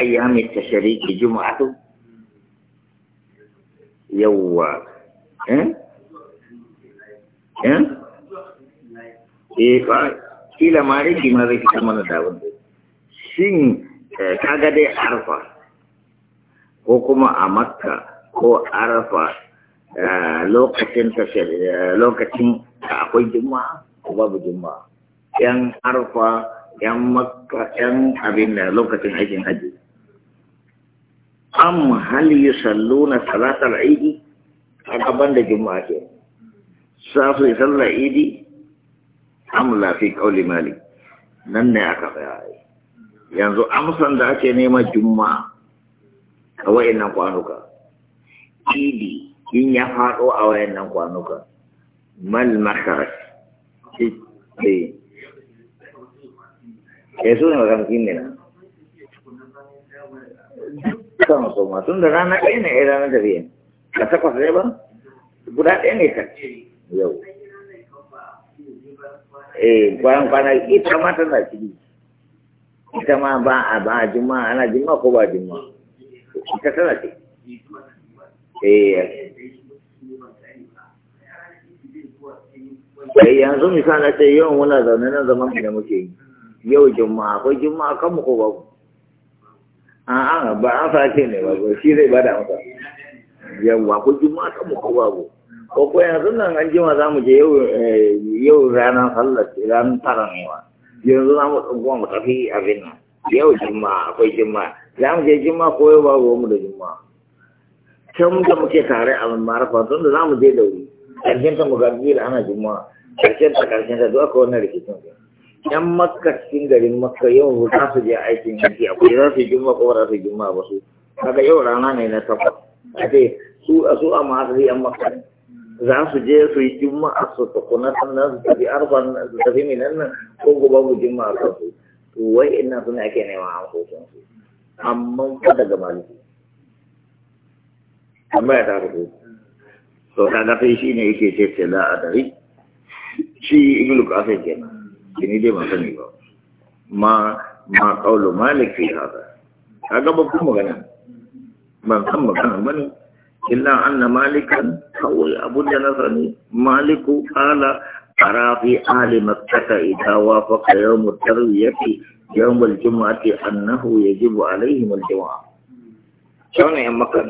أيام التشريك جمعة يوا ها ها eh kila ma rage ma zai fitar mana da wanda shin kaga dai arfa ko kuma a makka ko arfa lokacin lokacin akwai juma'a ko babu juma'a yan arfa yan makka yan abin lokacin aikin hajji am hal yusalluna salatal a gaban banda juma'a ke safi sallar idi am fi kauli mali nan ne aka bayani yanzu amsan da ake nema juma'a a wayannan kwanuka idi in ya faɗo a wayannan kwanuka mal makaraj eh Ke so ne ga kin ne na kan so ma tun da rana ɗaya ne rana ka ba guda ɗaya ne ka yau eh kwana ita ma tana ciki ita ma ba a ba a juma'a ana juma'a ko ba juma'a ita tana ciki eh Eh yanzu misali ce yau muna zaune nan zaman da muke yi yau juma'a akwai juma'a kan mu ko babu a'a ba an sake ne ba shi zai bada amsa yawwa ko juma'a ta mu ko babu ko ko yanzu nan an jima za mu je yau eh, yau ranar sallar ranar tara ne wa yanzu za mu tsaguwa mu tafi abin nan yau juma'a akwai juma'a za mu je juma'a ko yau babu mu da juma'a can da muke tare a marafa tun da za mu je da wuri ƙarshen ta mu ga ana juma'a ƙarshen ta ƙarshen ta duk aka wannan rikicin ne yan makka cikin garin makka yau za su je aikin haji akwai za su juma ko za su juma ba su kaga yau rana ne na takwas a ce su a su a mahasari yan makka za su je su yi juma'a su na sannan su tafi arfan su tafi minan nan ko gobe mu juma'a a su to wai ina suna ake nema a hoton su amma ka daga maliki amma ya tafi ko to kaga sai ne yake ce a adari shi ibnu qasim kenan ini dai ban sani ba ma ma qawlu malik fi hada kaga ba kuma magana ban san magana bane illa anna malikan kawai abun da na sani maliku qala ara fi ahli makkah idza wafaqa yawm tarwiyati yawm al-jum'ati annahu jibu alaihi al-jama'a shawne yan makka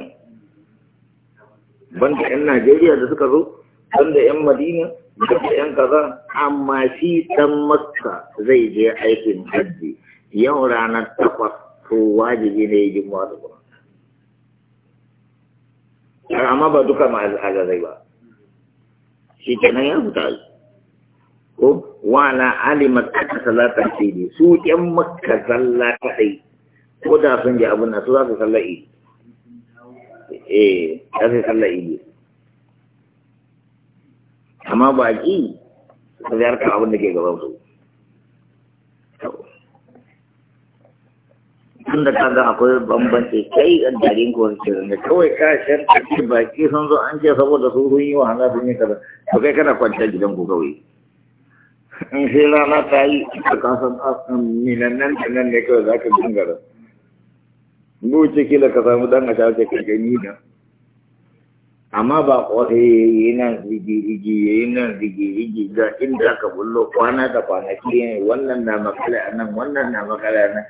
banda yan najeriya da suka zo banda yan madina yan kaza amma shi dan maska zai je aikin hajji yau ranar takwas to wajibi ne yi ji da kuma amma ba duka ma zai ba shi nan ya fita ko wala alimar aka salata ce ne su yan maka zalla kaɗai. ko da sun ji abin da su za su salla'i eh za su salla'i idi amma baki su harka abin da ke gaban su tun da kaga akwai bambance kai a garin kowar ke da kawai ka shan kake baki sun zo an ce saboda su sun yi wahala sun yi kada to kai kana kwanta gidan ku kawai in sai rana ta yi ka kasan ah, mm, minan nan da nan ne kawai za ka gungara. mu kila ka samu dan a shafe kai gani da amma ba ya yi nan rigi-rigi ya yi nan rigi-rigi ga inda ka bullo kwana da kwanaki ne wannan na makala a nan wannan na makala a nan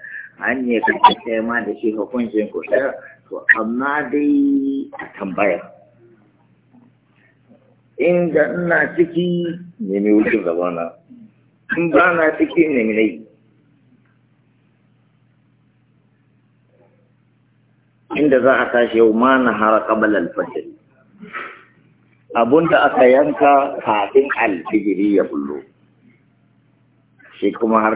an ne karkace ma da shi hukuncin ku ɗaya to amma dai a tambaya inda ina ciki ne mai wuce gabana in ba na ciki ne mai inda za a tashi yau ma na hara kabal alfajiri abun da aka yanka kafin alfijiri ya bullo shi kuma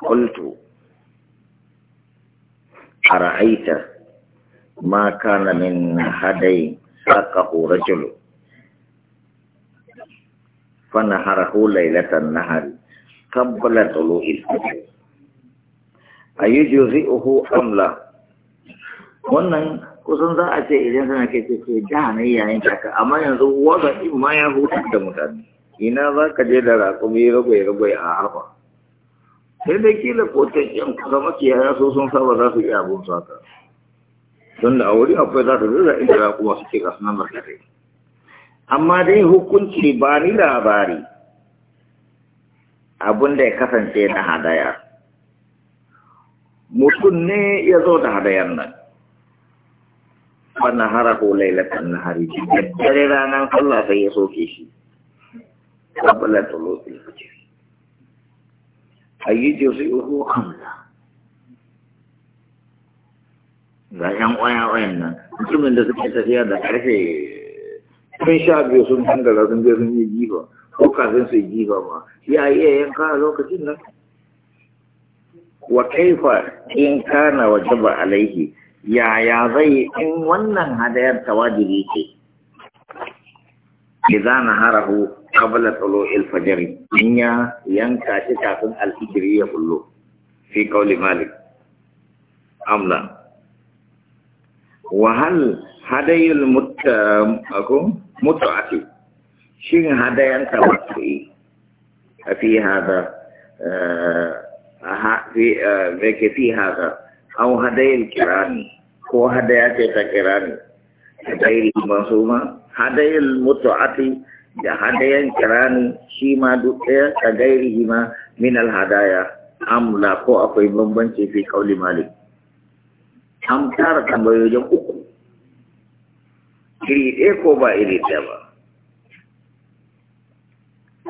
قلت أرأيت ما كان من هدي ساقه رجل فنهره ليلة النهر قبل طلوع الفجر أيجزئه أم لا wannan kusan za a ce idan suna ke ce ce jiha ne yayin kaka amma yanzu wazan in ma ya hutu da mutane ina za ka je da raƙumi ragwai ragwai a harfa sai dai kila da ta yan kusa ya so sun saba za su iya abun su don da a wuri akwai za su zira inda raƙuma suke kasu nan makare amma dai hukunci ba ni labari Abin da ya kasance na hadaya mutum ne ya zo da hadayar nan wannan harahu lailatan nahari dare ranar Allah sai ya soke shi qabla tulu'il yi ayi juz'uhu amla ga yan oya oyan nan mutumin da suke tafiya da karfe sun sha biyu sun da sun je sun yi jifa ko kafin su yi jifa ma ya iya yanka a lokacin nan wa kaifa in kana wajaba alaihi yaya zai in wannan hadayar tawajiri ce idza naharahu qabla tulu'il fajr in ya yanka shi kafin alfijiri ya kullo fi kauli malik amla wa hal hadayul mutakum mutati shin hadayan a fi hada eh, fi eh, fi hada au hadayil kirani ko hadaya ce ta kirani hadayil masuma hadayil mutu'ati da hadayan kirani shi ma duk ɗaya ka gairihi ma min alhadaya amla ko akwai bambanci fi kauli malik an tara tambayoyin uku iri ɗaya ko ba iri ɗaya ba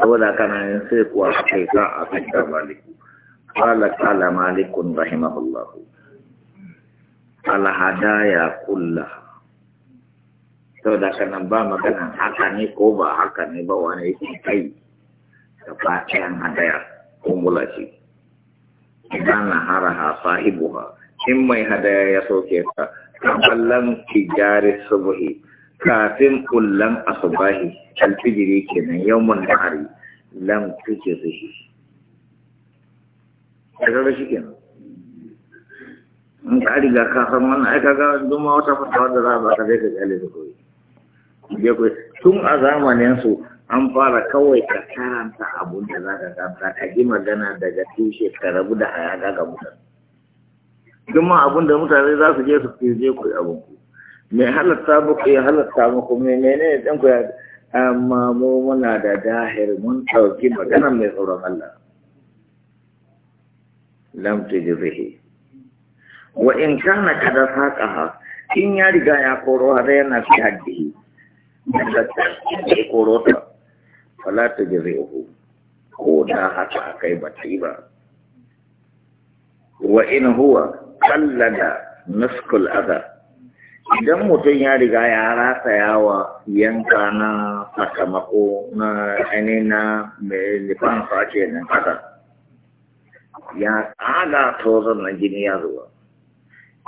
saboda kana sai kuwa kai sa a kan malik qala qala malikun rahimahullahu alhadaya kulla, to da kana ba magana haka ne ko ba haka ne ba wani yake kai da fatayan hadaya ko mulashi idan na haraha sahibuha in mai hadaya ya soke ta kamallan tijari subuhi kafin kullan asubahi alfijiri kenan yawmun nahari lam tujrihi daga shi kenan in ka riga ka san wannan ai kaga duk ma wata fata da za a baka zai ka kyale da koyi je koyi tun a zamanin su an fara kawai ka karanta abun da za ka karanta ka ji magana daga tushe ka rabu da hayaka ga mutane duk ma abun da mutane za su je su je ku abun ku me halatta muku ya halatta muku ne dan ku ya amma mu muna da dahir mun ɗauki magana mai tsoron Allah lam tujrihi wa in kana kada in ya riga ya koro har yana fi haddi daga ya koro ta fala ta jire hu ko da haka kai ba ta yi ba wa in huwa kallada nuskul adha idan mutum ya riga ya rasa yawa yanka na sakamako na aini na mai nufansa ce nan haka ya tsada tozon na jini ya zuwa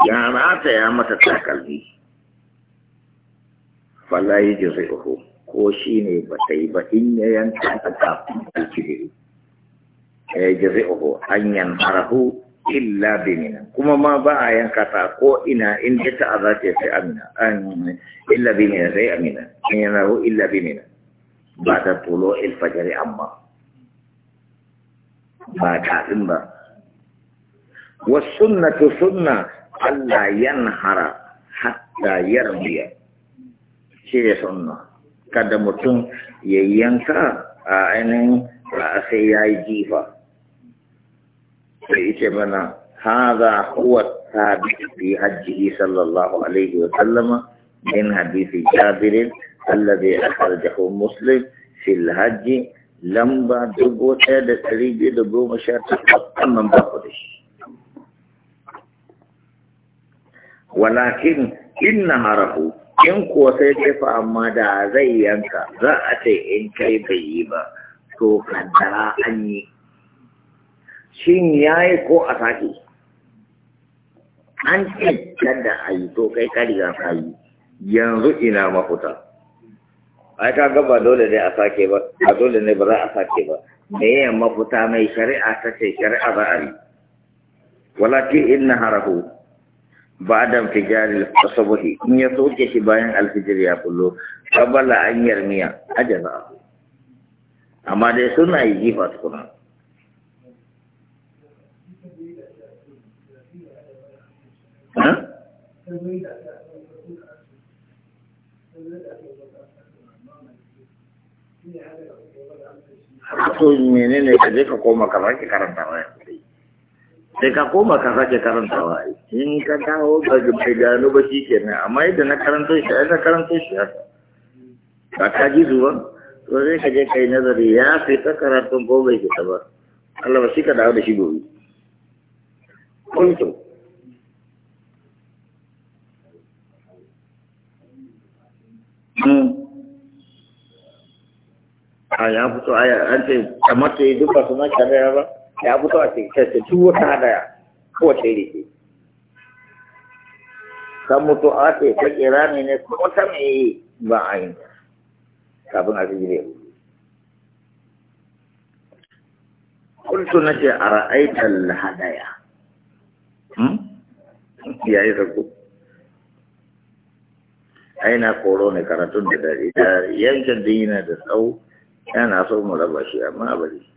ya rataya mata takalmi falla yi jirai uku ko shi ne ba ta yi ba in ya yanka ta kafin alkihiri eh, ya yi Jirai uku hanyar harahu illa bimina kuma ma ba a yanka ta ko ina in ta ta azata sai amina an illa bimina sai amina in yana hu illa bimina ba ta tulo ilfajari amma ba ta ba wasu sunnatu sunna ألا ينهر حتى يرمي شيء سنة kada mutum ya yanka a ainihin sai ya yi jifa sai ita mana haza huwa tabi fi hajjihi sallallahu alaihi wa sallama min hadisi jabirin alladhi akhrajahu muslim fil hajji lamba dubu ɗaya da ɗari biyu da goma sha takwas annan ba ku da shi walakin in na harafu in kuwa sai kefa amma da zai yanka za a ce in kai bai yi ba to kaddara an yi shin ya yi ko a sake an ce kada a yi to kai kariya ka yi yanzu ina mafuta ai ka gaba dole ne a sake ba a dole ne ba za a sake ba me yi mafuta mai shari'a ta ce shari'a ba a yi walakin in na harafu ba'dan fijari asbuhi in ya soke shi bayan alfijir ya kullo kabala an yarmiya ajaza amma dai suna yi jifa sai ka koma ka sake karantawa in ka dawo ba bai gano ba shi kenan amma yadda na karanta shi ya karanta shi ya ka ka ji zuwa to sai ka je kai nazari ya ta karatun ko bai fita ba Allah ba shi ka dawo da shi gobe kuntu hmm. a ya fito a an ce kamar ta yi duka suna ya ba ya fito a cikin duk wata hadaya kowace iri ce kan mutu a ce ta kira ne ne ko ta mai ba a yi kafin a cikin yau kuntu na ce a ra'aitar hadaya hmm? ya yi zago aina koro ne karatun da dare da yankin dina da tsawo yana so mu raba shi amma bari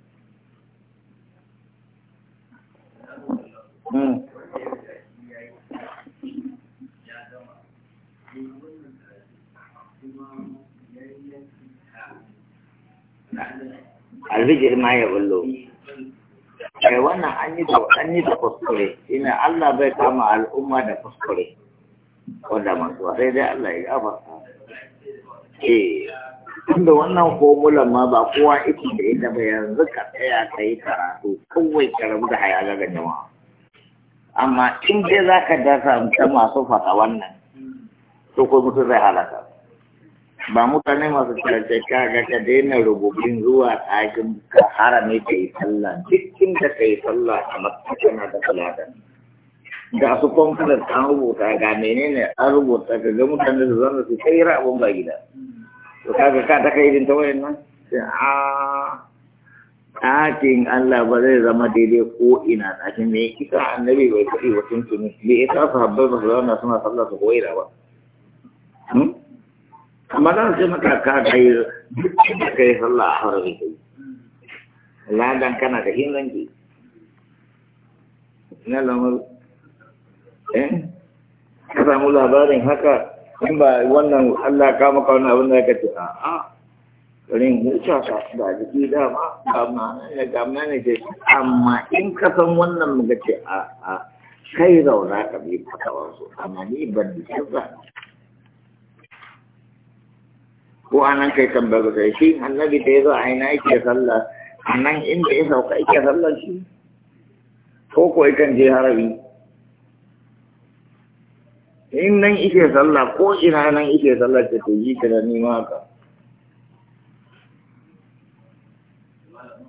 alfijir ma ya bullo ai eh, wannan an yi da an yi da kuskure ina Allah bai kama al'umma da kuskure wanda masu sai dai Allah ya gaba. eh inda wannan formula ma ba kowa ita da ita ba yanzu ka tsaya kai karatu kawai karamu da hayaga ga jama'a amma in dai za ka dasa ta masu faɗa wannan to ko mutum zai halaka ba mutane masu tarce ka ga ka daina rububin zuwa ɗakin ka harame ka yi sallah duk inda ka yi sallah a matakana da salatan da su kwamfutar an rubuta ga menene an rubuta ka ga mutane su zama su kai ra'abin ba gida to kaga ka ta kai irin ta wayan nan sai a ah, ɗakin Allah ba zai zama daidai ko ina shi me kisa annabi bai kaɗi wa tuntuni bai ita su habbar ba su zauna suna sallah su koyi ba hmm? amma zan ce maka ka kai dukkan da kai sallah a harbi kai ladan kana da hinzanci ina lamar eh ka samu labarin haka in ba wannan Allah ka maka wani abin da ka ce a'a rin huta ka da jiki dama amma ne gamna ne ce amma in ka san wannan muka ce a a kai zauna ka bi fatawar su amma ni ban da shi ba ko anan kai kan da kai shi annabi da yazo a ina yake sallah nan inda ya sauka yake sallah shi ko ko kan je harabi in nan ike sallah ko ina nan ike sallah ta to yi ta da nima ka?